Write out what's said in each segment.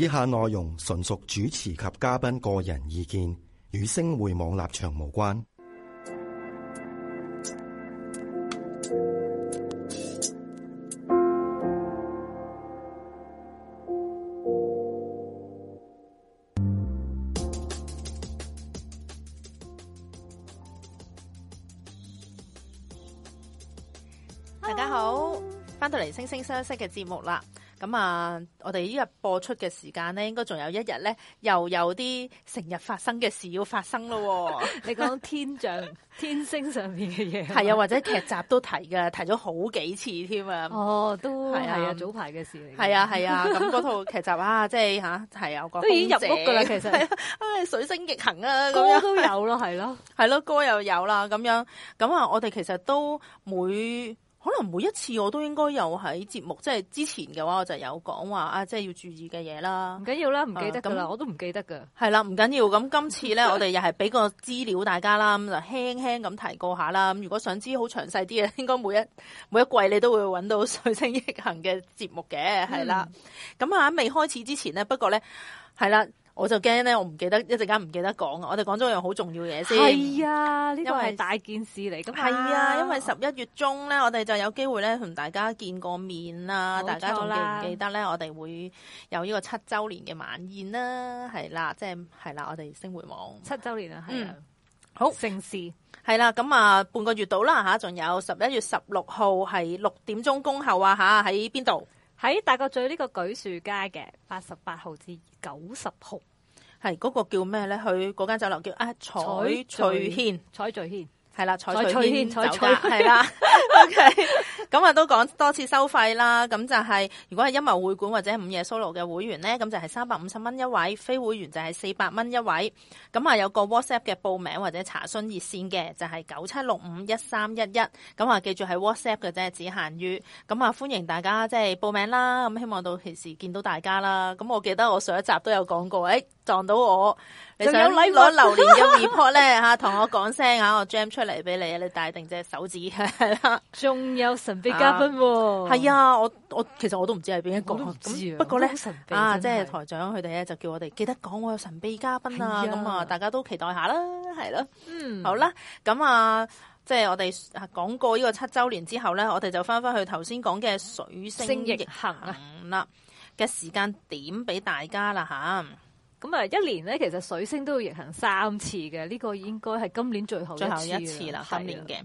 以下內容純屬主持及嘉賓個人意見，與星匯網立場無關。大家好，翻到嚟《星聲相析》嘅節目啦。咁啊，我哋呢日播出嘅時間咧，應該仲有一日咧，又有啲成日發生嘅事要發生咯、啊。 你講天象、 天星上面嘅嘢，係啊，或者劇集都提噶，提咗好幾次添啊。哦，都係啊，早排嘅事嚟。係啊，係啊，咁嗰、啊、套劇集啊， 即係吓係有個都已經入屋噶啦，其實。唉、啊哎，水星逆行啊，咁樣都有咯，係咯、啊，係咯、啊，歌又有啦，咁樣。咁啊，我哋其實都每。可能每一次我都應該有喺節目，即係之前嘅話，我就有講話啊，即係要注意嘅嘢啦。唔緊要啦，唔記得噶啦，啊、那我都唔記得噶。係啦，唔緊要。咁今次咧， 我哋又係俾個資料大家啦，咁就輕輕咁提過一下啦。咁如果想知好詳細啲嘅，應該每一每一季你都會揾到《水星逆行》嘅節目嘅，係啦。咁啊，喺未開始之前咧，不過咧，係啦。我就驚咧，我唔記得一陣間唔記得講。我哋講咗樣好重要嘢先。係啊，呢個係大件事嚟咁啊。係啊，因為十一月中咧，我哋就有機會咧同大家見過面啦。大家仲記唔記得咧？我哋會有呢個七週年嘅晚宴啦，係啦、啊，即係係啦，我哋星匯網七週年啊，係啊，好盛事係啦。咁啊，半個月到啦吓，仲有十一月十六號係六點鐘恭候啊吓，喺邊度？喺大角咀呢個舉樹街嘅八十八號至九十號，係嗰、那個叫咩咧？佢嗰間酒樓叫啊彩翠軒，彩翠軒係啦，彩翠軒彩酒家係啦，OK。咁啊，都講多次收費啦。咁就係如果係音樂會館或者午夜 solo 嘅會員呢，咁就係三百五十蚊一位；非會員就係四百蚊一位。咁啊，有個 WhatsApp 嘅報名或者查詢熱線嘅就係九七六五一三一一。咁啊，記住係 WhatsApp 嘅啫，只限於。咁啊，歡迎大家即係、就是、報名啦。咁希望到時見到大家啦。咁我記得我上一集都有講過，誒、欸、撞到我，仲有禮物 report 咧，吓，同 我講聲啊，我 jam 出嚟俾你，你戴定隻手指仲有。神秘嘉賓係啊，啊,啊，我我其實我都唔知係邊一個，我都唔知啊，不過咧，啊，即係台長佢哋咧就叫我哋記得講我有神秘嘉賓啊，咁啊，啊，大家都期待下啦，係咯。嗯，好啦，咁啊，即係我哋講過呢個七周年之後咧，我哋就翻翻去頭先講嘅水星逆行啊，嘅時間點俾大家啦吓。咁啊，一年咧其實水星都要逆行三次嘅，呢個應該係今年最後一次最後一次啦，今年嘅。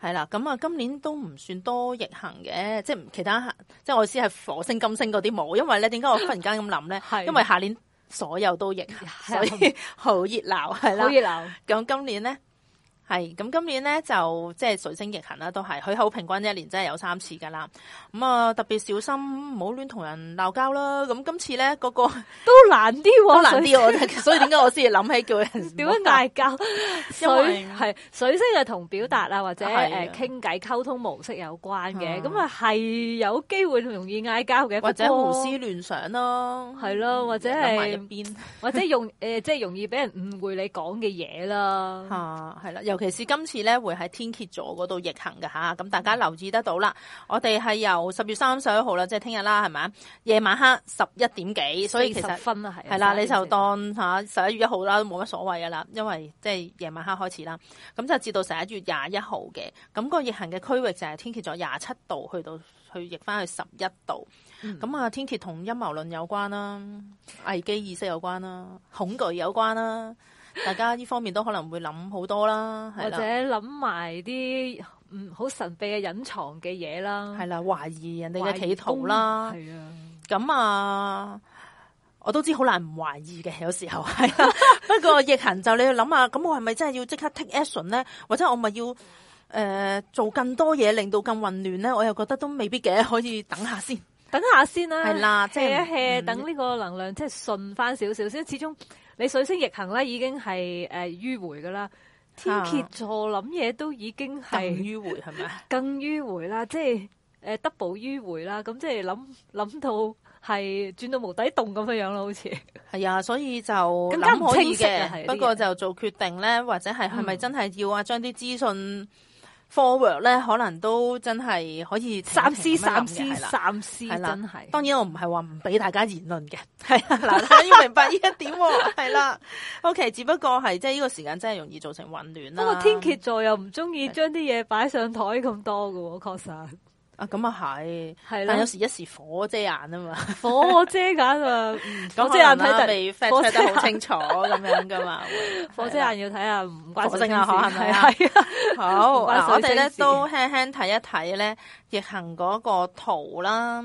係啦，咁啊，今年都唔算多逆行嘅，即係其他，即係我意思係火星金星嗰啲冇，因為咧，點解我忽然間咁諗咧？係 的因為下年所有都逆行，的所以好熱鬧，係啦。好熱鬧。咁的今年咧？係咁，對今年咧就即係水星逆行啦，都係佢好平均一年真係有三次噶啦。咁、嗯、啊，特別小心唔好亂同人鬧交啦。咁今次咧，個個都難啲，都難啲。所以點解我先至諗起叫人點樣嗌交？因係為水，水星係同表達啊，或者誒傾偈溝通模式有關嘅。咁啊係有機會同容易嗌交嘅，的但或者胡思亂想咯、啊，係咯，或者係或者用誒即係容易俾人誤會你講嘅嘢啦。吓係啦，又。其實今次咧會喺天蠍座嗰度逆行嘅吓，咁、啊、大家留意得到啦。我哋係由十月三十一號啦，即係聽日啦，係咪啊？夜晚黑十一點幾，所以其實對分啊係係啦，你就當吓十一月一號啦，都冇乜所謂嘅啦，因為即係夜晚黑開始啦，咁就至到十一月廿一號嘅。咁、個逆行嘅區域就係天蠍座廿七度去到去逆翻去十一度。咁、嗯、啊，天蠍同陰謀論有關啦、啊，危機意識有關啦、啊，恐懼有關啦、啊。大家呢方面都可能會諗好多啦，或者諗埋啲唔好神秘嘅、隱藏嘅嘢啦，係啦，懷疑人哋嘅企圖啦，係啊，咁啊，我都知好難唔懷疑嘅，有時候係。不過逆行就你要諗下，咁我係咪真係要即刻 take action 咧？或者我咪要誒、呃、做更多嘢令到更混亂咧？我又覺得都未必嘅，可以等下先，等下先啦。係啦 h、就是、一 a、嗯、等呢個能量即係順翻少少，先、嗯、始終。你水星逆行咧，已經係誒迂回噶啦，天蠍座諗嘢都已經係迂回，係咪更迂回啦，即係誒 double 迂回啦，咁即係諗諗到係轉到無底洞咁樣樣咯，好似係啊，所以就更加唔可以嘅。不，不過就做決定咧，或者係係咪真係要啊？將啲資訊。Forward 咧，可能都真係可以請請三思三思三思，了三思真係。當然我唔係話唔俾大家言論嘅，係啊，嗱， 要明白呢一點，係啦。 O、okay，K，只不過係即係呢個時間真係容易造成混亂啦。不過天蠍座又唔中意將啲嘢擺上台咁多㗎喎，確實。啊咁啊係，的但有時一時火遮眼啊嘛，火遮眼啊，火遮眼睇得火睇得好清楚咁遮 樣噶嘛，火遮眼要睇下唔關火星啊，可係咪啊？好，我哋咧都輕輕睇一睇咧，逆行嗰個圖啦。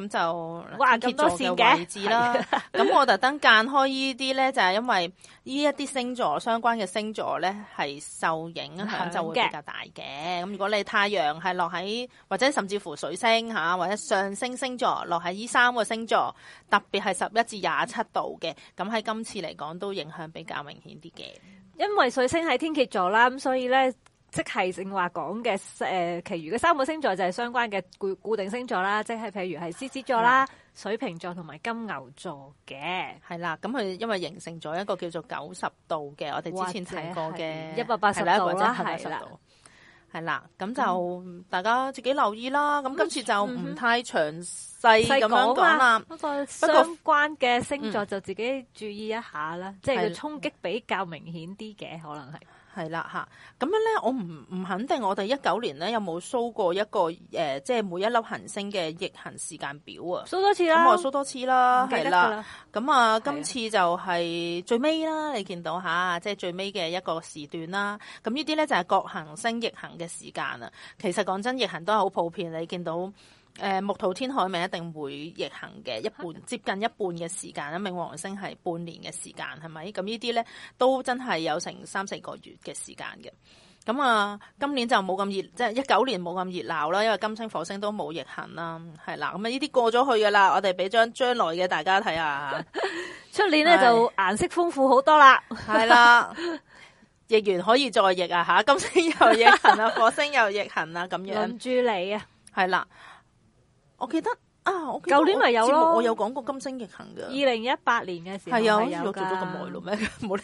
咁就咁哇多事嘅位置啦。咁 我特登間開呢啲咧，就係、是、因為呢一啲星座相關嘅星座咧，係受影響，咁的就會比較大嘅。咁如果你太陽係落喺或者甚至乎水星吓或者上升星，星座落喺呢三個星座，特別係十一至廿七度嘅，咁喺今次嚟講都影響比較明顯啲嘅。因為水星喺天蠍座啦，咁所以咧。即係正話講嘅，誒、呃，其餘嘅三個星座就係相關嘅固固定星座啦，即係譬如係獅子座啦、的水瓶座同埋金牛座嘅，係啦。咁佢因為形成咗一個叫做九十度嘅，我哋之前睇過嘅一百八十度啦，係啦。係啦的，咁就、嗯、大家自己留意啦。咁今次就唔太詳細咁樣講啦。嗯嗯嗯、不過，不過相關嘅星座就自己注意一下啦。的即係衝擊比較明顯啲嘅，可能係。係啦，吓，咁樣咧，我唔唔肯定我哋一九年咧有冇 show 過一個誒、呃，即係每一粒行星嘅逆行時間表啊，show 多次啦，咁我 show 多次啦，係啦，咁啊，的今次就係最尾啦，你見到吓，即係最尾嘅一個時段啦，咁呢啲咧就係各行星逆行嘅時間啊，其實講真，逆行都係好普遍，你見到。誒、呃，木土天海冥一定會逆行嘅一半，接近一半嘅時間啦。冥王星係半年嘅時間，係咪？咁呢啲咧都真係有成三四個月嘅時間嘅。咁啊，今年就冇咁熱，即係一九年冇咁熱鬧啦。因為金星、火星都冇逆行啦。係啦，咁啊呢啲過咗去噶啦。我哋俾張將來嘅大家睇下，出年咧就顏色豐富好多啦。係啦。係啦，逆完可以再逆啊！吓，金星又逆行啊， 火星又逆行啊，咁樣。諗住你啊，係啦。我記得啊，我舊年咪有我有講過《金星逆行嘅》噶。二零一八年嘅時候係啊，好似我做咗咁耐咯咩？冇啦，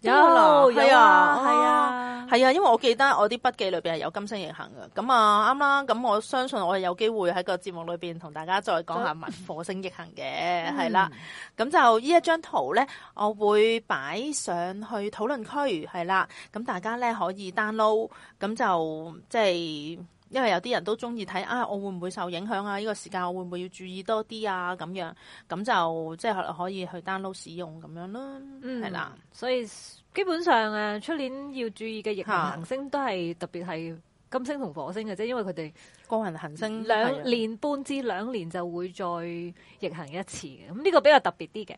有啦了，哦、係啊，係、哦、啊，係啊，因為我記得我啲筆記裏面係有《金星逆行嘅》噶。咁啊，啱啦。咁我相信我係有機會喺個節目裏面同大家再講下文《文 火星逆行》嘅、嗯，係啦。咁就張呢一張圖咧，我會擺上去討論區，係啦。咁大家咧可以 download，咁就即係。因為有啲人都中意睇啊，我會唔會受影響啊？呢、這個時間我會唔會要注意多啲啊？咁樣咁就即係可能可以去 download 使用咁樣咯，係啦。嗯、係啦，所以基本上啊，出年要注意嘅逆行行星都係、啊、特別係金星同火星嘅啫，因為佢哋個人行星兩年半至兩年就會再逆行一次嘅，咁、這、呢個比較特別啲嘅。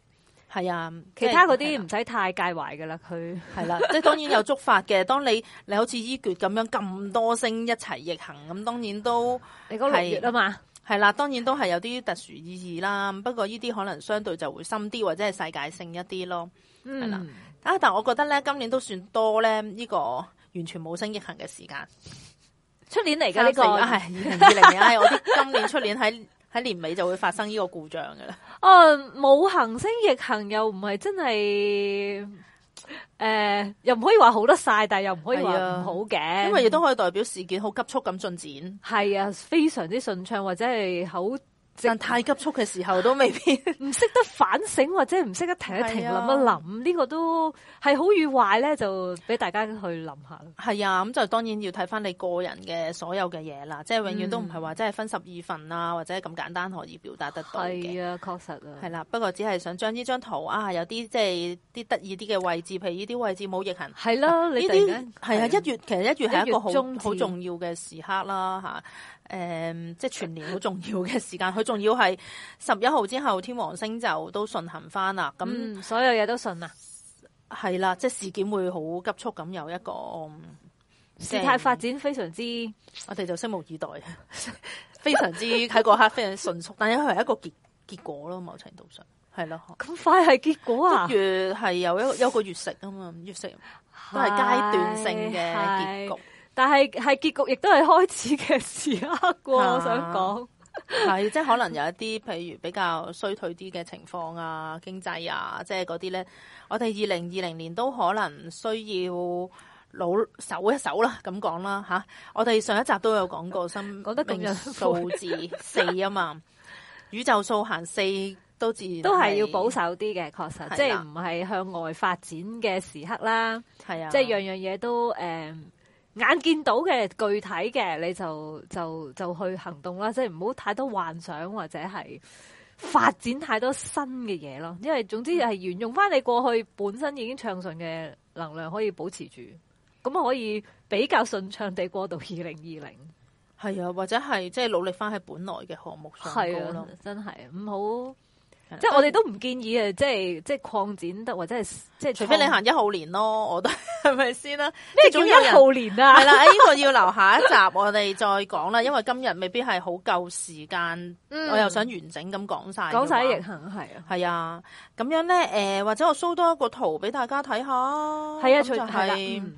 係啊，其他嗰啲唔使太介懷噶啦，佢係啦， 即係當然有觸發嘅。當你你好似依月咁樣咁多星一齊逆行，咁當然都你講六月啊嘛，係啦，當然都係、啊、有啲特殊意義啦。不過呢啲可能相對就會深啲，或者係世界性一啲咯。係啦、嗯，啊，但係我覺得咧，今年都算多咧，呢、這個完全冇星逆行嘅時間。出年嚟嘅呢個係二零二零，我今年出年喺。喺年尾就會發生呢個故障嘅啦。哦，冇行星逆行又唔係真係，誒、呃、又唔可以話好得晒，但又唔可以話唔好嘅、啊。因為亦都可以代表事件好急速咁進展。係啊，非常之順暢或者係好。但太急促嘅時候都未必唔識 得反省或者唔識得停一停諗、啊、一諗呢、呢個都係好與壞咧，就俾大家去諗下咯。係啊，咁就當然要睇翻你個人嘅所有嘅嘢啦，即係永遠都唔係話即係分十二份啊，嗯、或者咁簡單可以表達得到嘅。係啊，確實啊。係啦，不過只係想將呢張圖啊，有啲即係啲得意啲嘅位置，譬如呢啲位置冇逆行。係啦、啊，你哋。咧係啊，一月、啊、其實一月係一個好好節重要嘅時刻啦，吓。誒、嗯，即係全年好重要嘅時間，佢仲要係十一號之後，天王星就都順行翻啦。咁、嗯、所有嘢都順啦，係啦，即係事件會好急速咁有一個、嗯、事態發展，非常之，我哋就拭目以待， 非常之喺嗰 刻非常之迅速， 但係佢係一個結結果咯，某程度上係咯，咁快係結果啊？月係有一有一個月食啊嘛，月食都係階段性嘅結局。但係係結局，亦都係開始嘅時刻、啊。我想講，係、啊、即係可能有一啲，譬如比較衰退啲嘅情況啊、經濟啊，即係嗰啲咧。我哋二零二零年都可能需要老守一守啦、啊，咁講啦吓。我哋上一集都有講過生命數字四啊嘛，宇宙數行四都自然都係要保守啲嘅，確實、啊、即係唔係向外發展嘅時刻啦。係啊，即係樣樣嘢都誒。嗯眼見到嘅具體嘅，你就就就去行動啦，即係唔好太多幻想或者係發展太多新嘅嘢咯。因為總之係沿用翻你過去本身已經暢順嘅能量，可以保持住，咁可以比較順暢地過到二零二零。係啊，或者係即係努力翻喺本來嘅項目上高。係啊，真係唔好。即係我哋都唔建議啊，嗯，即係即係擴展得，或者係即係除非你行一號年咯，我都係咪 先啦，啊，即係一號年啊！係啦，呢， 呢個要留下一集，我哋再講啦。因為今日未必係好夠時間，嗯、我又想完整咁講晒。講曬逆行係啊！係啊，咁樣咧誒，或者我 show 多一個圖俾大家睇下。係啊，就係，係啊啊嗯，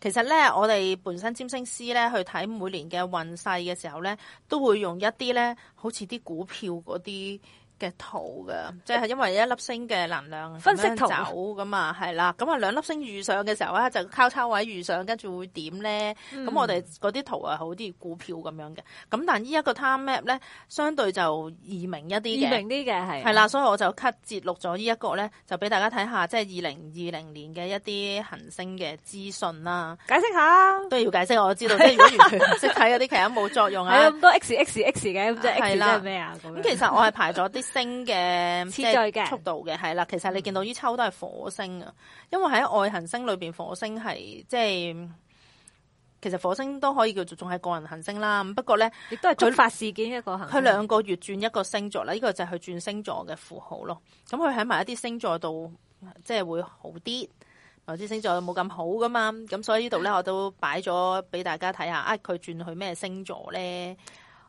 其實咧，我哋本身占星師咧，去睇每年嘅運勢嘅時候咧，都會用一啲咧，好似啲股票嗰啲。嘅圖嘅即係因為一粒星嘅能量分析走噶嘛，係啦，咁啊兩粒星遇上嘅時候咧，就交叉位遇上，跟住會點咧？咁、嗯、我哋嗰啲圖啊，好似股票咁樣嘅，咁但呢一個 Time Map 咧，相對就易明一啲，易明啲嘅係啦，所以我就 cut 截錄咗呢一個咧，就俾大家睇下，即係二零二零年嘅一啲行星嘅資訊啦。解釋下都要解釋，我知道即係如果完全唔識睇嗰啲，其實冇作用啊，咁多 X X X 嘅，即係係咩啊？咁的其實我係排咗啲。星嘅即係速度嘅係啦，嗯、其實你見到呢秋都係火星啊，因為喺外行星裏邊，火星係即係其實火星都可以叫做仲係個人行星啦。不過咧，亦都係轉發事件一個行星。佢兩個月轉一個星座啦，呢、呢個就係佢轉星座嘅符號咯。咁佢喺埋一啲星座度，即係會好啲，有啲星座冇咁好噶嘛。咁所以這裡呢度咧，我都擺咗俾大家睇下，啊佢轉去咩星座咧？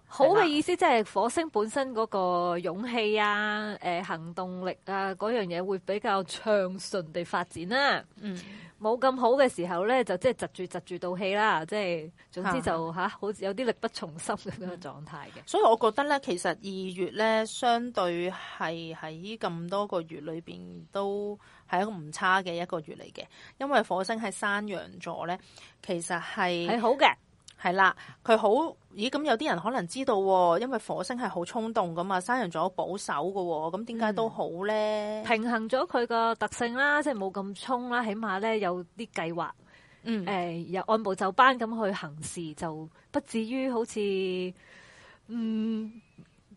好嘅意思即係火星本身嗰個勇氣啊、誒、呃、行動力啊嗰樣嘢會比較暢順地發展啦。嗯、就是，冇咁好嘅時候咧，就即係窒住窒住到氣啦。即係總之就吓的、啊、好似有啲力不從心嘅嗰個狀態嘅。所以我覺得咧，其實二月咧相對係喺咁多個月裏邊都係一個唔差嘅一個月嚟嘅，因為火星喺山羊座咧，其實係係好嘅。係啦，佢好咦？咁有啲人可能知道，因為火星係好衝動噶嘛，山羊座保守噶，咁點解都好咧、嗯？平衡咗佢個特性啦，即係冇咁衝啦，起碼咧，有啲計劃，誒又、嗯呃、按部就班咁去行事，就不至於好似嗯。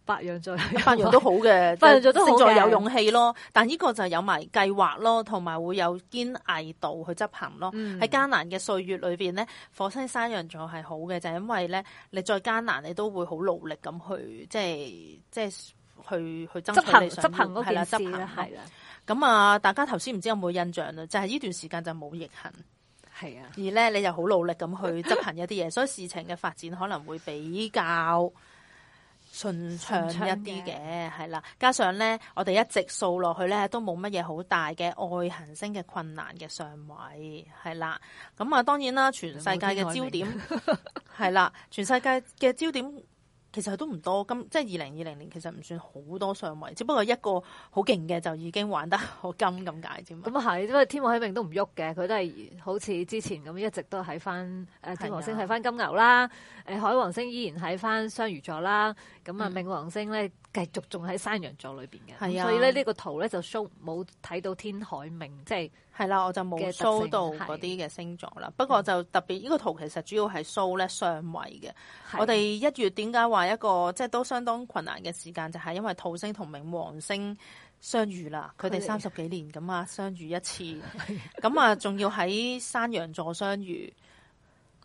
白羊座，白羊都好嘅，白羊座都好， 座好座有勇氣咯。但呢個就有埋計劃咯，同埋會有堅毅度去執行咯。喺、嗯、艱難嘅歲月裏邊咧，火星山羊座係好嘅，就係、是、因為咧，你再艱難，你都會好努力咁去，即係即係去去執行執行嗰係啦，執行係啦。咁的啊，大家頭先唔知有冇印象啦？就係、是、呢段時間就冇逆行，係啊的。而咧，你又好努力咁去執行一啲嘢， 所以事情嘅發展可能會比較順暢一啲嘅，係啦。加上咧，我哋一直掃落去咧，都冇乜嘢好大嘅外行星嘅困難嘅相位，係啦。咁啊，當然啦，全世界嘅焦點，係啦， 全世界嘅焦點。其實都唔多金，即係二零二零年，其實唔算好多上位，只不過一個好勁嘅就已經玩得好金咁解啫嘛。咁啊係，因為天王海冥都唔喐嘅，佢都係好似之前咁，一直都喺翻誒天王星喺翻金牛啦，誒的海王星依然喺翻雙魚座啦，咁啊冥王星咧、嗯、繼續仲喺山羊座裏邊嘅，的所以咧呢個圖咧就 show 冇睇到天海冥即係。就是係啦，我就冇 show 到嗰啲嘅星座啦。不過就特別呢、這個圖，其實主要係 show 咧上位嘅。的我哋一月點解話一個即係都相當困難嘅時間，就係、是、因為土星同冥王星相遇啦。佢哋三十幾年咁啊，的相遇一次，咁啊的，仲要喺山羊座相遇，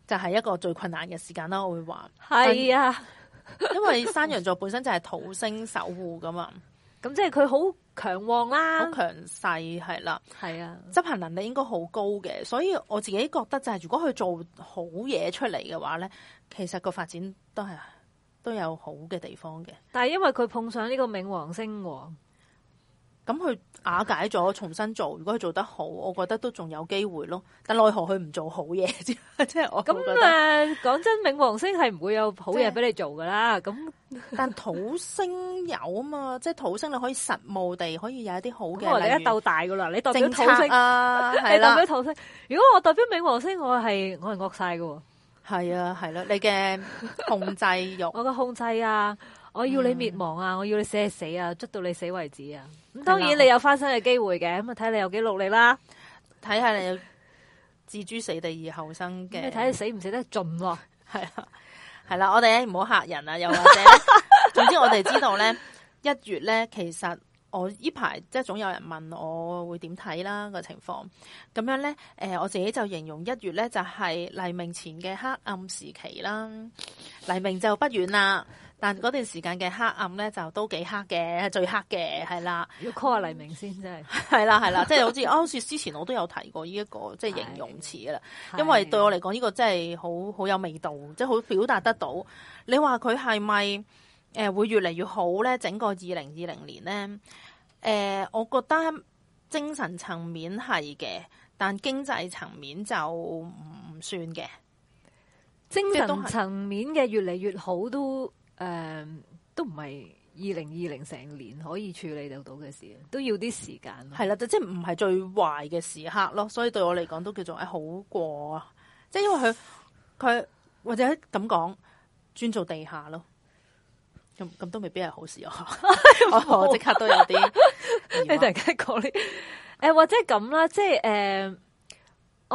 就係、是、一個最困難嘅時間啦。我會話係啊，的因為山羊座本身就係土星守護噶嘛，咁即係佢好。強旺啦，好強勢係啦，係啊，執行能力應該好高嘅，所以我自己覺得就係如果佢做好嘢出嚟嘅話咧，其實個發展都係都有好嘅地方嘅。但係因為佢碰上呢個冥王星喎。咁佢瓦解咗，重新做。如果佢做得好，我覺得都仲有機會咯。但奈何佢唔做好嘢，即 係我咁啊得！講、呃、真，冥王星係唔會有好嘢俾、就是、你做噶啦。咁但土星有啊嘛， 即係土星你可以實務地可以有一啲好嘅。咁你一鬥大噶啦，你代表土星啊，土 星 的 如果我代表冥王星，我係我係惡晒噶。係啊，係啦，你嘅控制欲， 我嘅控制啊。我要你滅亡啊！嗯、我要你死死啊！捉到你死為止啊！咁當然你有翻身嘅機會嘅咁啊，睇的你有幾努力啦。睇下你有置之死地而後生嘅睇、嗯、你，你死唔死得盡咯。係啊， 係啦，我哋唔好嚇人啊。又或者， 總之我哋知道咧， 一月咧，其實我呢排即係總有人問我會點睇啦、那個情況咁樣咧。誒、呃，我自己就形容一月咧就係、是、黎明前嘅黑暗時期啦，黎明就不遠啦。但嗰段時間嘅黑暗咧，就都幾黑嘅，最黑嘅係啦。要 call 下黎明先，嗯、真係。係啦，係啦，即係 好似，好似之前我都有提過呢、這、一個即係、就是、形容詞啦。是因為對我嚟講，呢、這個真係好好有味道，即係好表達得到。你話佢係咪誒會越嚟越好咧？整個二零二零年咧，誒、呃，我覺得精神層面係嘅，但經濟層面就唔算嘅。精神層面嘅越嚟越好都。誒、嗯，都唔係二零二零成年可以處理得到到嘅事，都要啲時間。係啦，就即係唔係最壞嘅時刻咯，所以對我嚟講都叫做誒好過，啊，即係因為佢佢或者咁講，專做地下咯，咁咁都未必係好事啊！ 我即刻都有啲，你突然間講呢？誒、哎，或者咁啦，即係誒。呃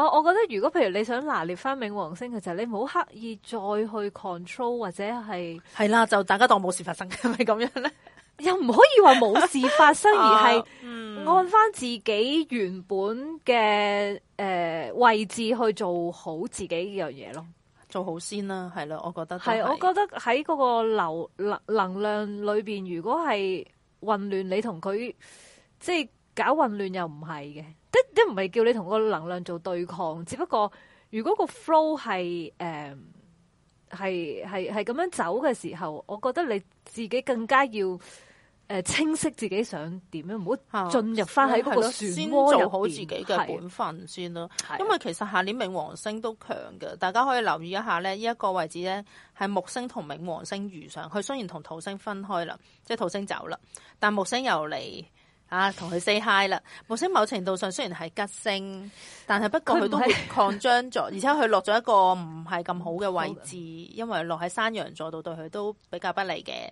我我覺得，如果譬如你想拿捏翻冥王星嘅時候，你唔好刻意再去 control 或者係係啦，就大家當冇事發生，係咪咁樣咧？ 又唔可以話冇事發生， 而係按翻自己原本嘅、呃、位置去做好自己樣嘢咯，做好先啦，係啦，我覺得係，我覺得喺嗰個流能能量裏面，如果係混亂，你同佢即係搞混亂又唔係嘅。都唔係叫你同個能量做對抗，只不過如果個 flow 係誒係係係咁樣走嘅時候，我覺得你自己更加要誒清晰自己想點樣，唔好進入翻喺一個漩渦入邊。先做好自己嘅本分先咯。因為其實下年冥王星都強嘅，大家可以留意一下呢呢一個位置咧係木星同冥王星遇上，佢雖然同土星分開啦，即係土星走啦，但木星又嚟。啊，同佢 say hi 啦。木星，某程度上雖然係吉星，嗯、但係不過佢都會擴張咗，他不而且佢落咗一個唔係咁好嘅位置， 的因為落喺山羊座度對佢都比較不利嘅，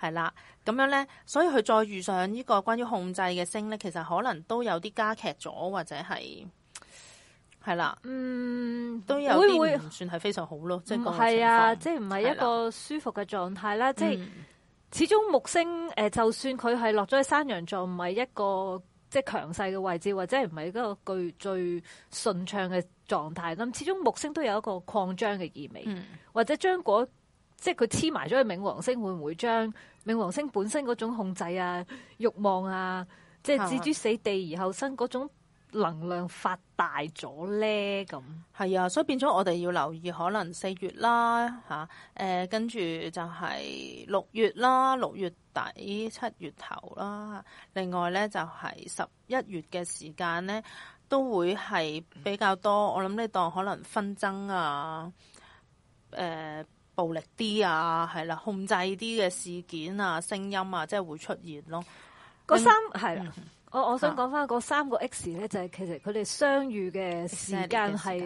係啦。咁樣咧，所以佢再遇上呢個關於控制嘅星咧，其實可能都有啲加劇咗，或者係，係啦，嗯，都有啲唔算係非常好咯，即係唔係啊，即係唔係一個舒服嘅狀態啦，即係的。嗯始終木星誒、呃，就算佢係落咗去山羊座，唔係一個即係強勢嘅位置，或者係唔係嗰個最最順暢嘅狀態。咁始終木星都有一個擴張嘅意味，嗯、或者將嗰即係佢黐埋咗去冥王星，會唔會將冥王星本身嗰種控制啊、慾 望啊，即係置諸死地而後生嗰 種？能量發大咗咧，咁係啊，所以變咗我哋要留意，可能四月啦嚇，誒跟住就係六月啦，六、嗯啊呃、月，月底七月頭啦，另外咧就係十一月嘅時間咧，都會係比較多。嗯、我諗呢當可能紛爭啊、誒、呃、暴力啲啊，係啦，控制啲嘅事件啊、聲音啊，即、就、係、是、會出現咯。嗰三係啦。嗯是 我我想講翻嗰三個 X 咧，就係、是，其實佢哋相遇嘅時間係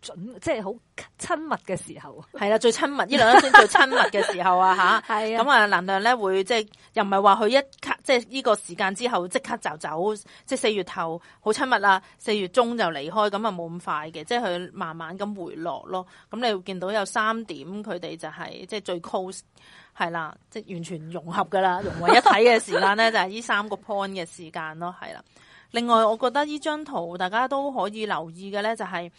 準，即係好親密嘅時候。係啦，最親密呢兩粒星最親密嘅時候 啊，吓的。係啊。咁啊，能量咧，會即係又唔係話佢一即係呢、這個時間之後即刻就走，即係四月頭好親密啦，四月中就離開，咁啊冇咁快嘅，即係佢慢慢咁回落咯。咁你會見到有三點佢哋就係、是、即係最 close。係啦，即係完全融合噶啦，融為一體嘅時間咧 就係呢三個 point 嘅時間咯，係啦。另外，我覺得呢張圖大家都可以留意嘅咧就係、是、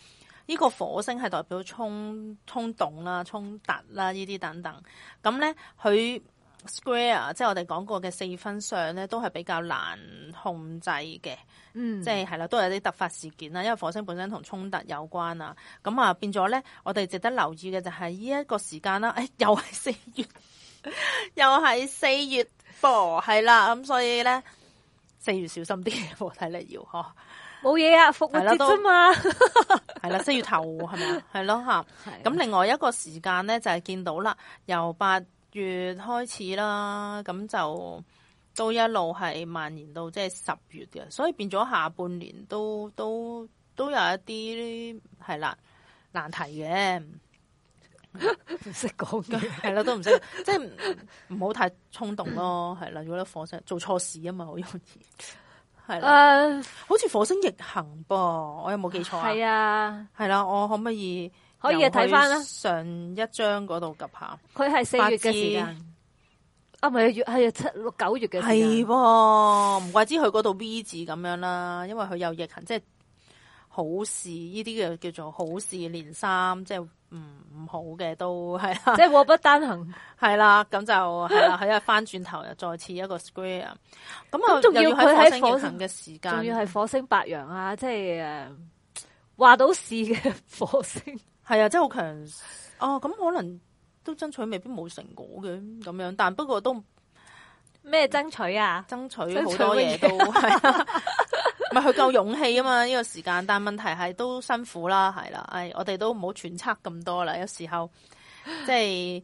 呢個火星係代表衝衝動啦、衝突啦呢啲等等。咁咧佢 square 即係我哋講過嘅四分相咧都係比較難控制嘅，嗯，即係係啦，都係有啲突發事件啦，因為火星本身同衝突有關啊。咁啊變咗咧，我哋值得留意嘅就係呢一個時間啦，誒、哎、又係四月。 又係四月，係啦，咁所以呢，四月小心啲，我睇嚟要嗬，冇嘢啊，復活節啫嘛，係啦，四 月頭係咪啊？係咯吓，咁了另外一個時間呢，就係見到啦，由八月開始啦，咁就都一路係蔓延到即係十月嘅，所以變咗下半年都都都有一啲係啦難題嘅。唔識講嘅係啦，都唔識，即係唔好太衝動咯。係啦，如果你火星做錯事啊嘛，好容易係啦。Uh, 好似火星逆行噃，我有冇記錯。係啊，係啦、啊，我可唔可以可以睇翻啦？上一張嗰度咁下，佢係四月嘅時間。字啊，唔係月係七六九月嘅時間。係噃，唔怪之佢嗰度 V 字咁樣啦，因為佢有逆行，即係好事呢啲嘅叫做好事連三，即係。唔唔好嘅都係啦，啊、即係禍不單行，係啦、啊，咁就係啦，佢又翻轉頭又再次一個 square，咁啊，仲要佢喺火星嘅時間，仲要係火星白羊啊，即係誒話到事嘅火星，係啊，真係好強哦！咁、啊、可能都爭取未必冇成果嘅咁樣，但不過都咩爭取啊？爭取好多嘢都。 唔係佢夠勇氣啊嘛！呢、這個時間，但問題係都辛苦啦，係啦。誒，我哋都唔好揣測咁多啦。有時候即係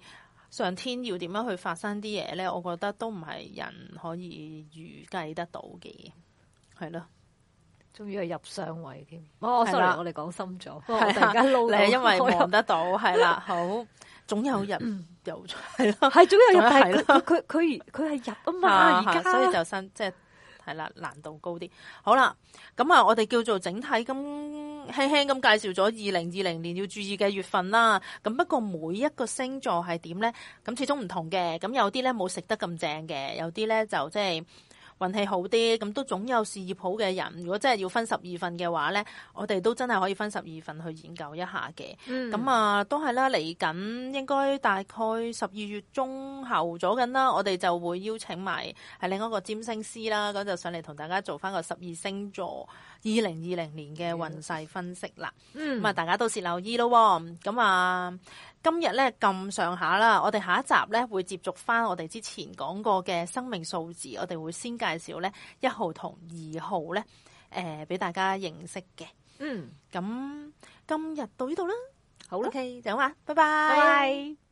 上天要點樣去發生啲嘢咧，我覺得都唔係人可以預計得到嘅。係咯，終於係入相位添。哦我 sorry 的我哋講心咗。的我突然間撈你係因為望得到，係啦有，好，總有人、嗯、有才，係啦係總有人係咯，佢佢佢係入啊嘛的在，所以就新即係。係啦，難度高啲。好啦，咁啊，我哋叫做整體咁輕輕咁介紹咗二零二零年要注意嘅月份啦。咁不過每一個星座係點呢？咁始終唔同嘅。咁有啲呢冇食得咁正嘅，有啲呢就即係。運氣好啲，咁都總有事業好嘅人。如果真係要分十二份嘅話呢，我哋都真係可以分十二份去研究一下嘅。嗯，咁啊，都係啦，嚟緊應該大概十二月中後咗緊啦，我哋就會邀請埋係另一個占星師啦，咁就上嚟同大家做翻個十二星座。二零二零年嘅運勢分析啦，咁啊，嗯，嗯、大家到時留意咯。咁啊，今日咧咁上下啦，我哋下一集咧會接觸翻我哋之前講過嘅生命數字，我哋會先介紹咧一號同二號咧，誒、呃，俾大家認識嘅。嗯，咁今日到呢度啦，好啦了，K、OK, 就咁啊，拜拜 bye。Bye bye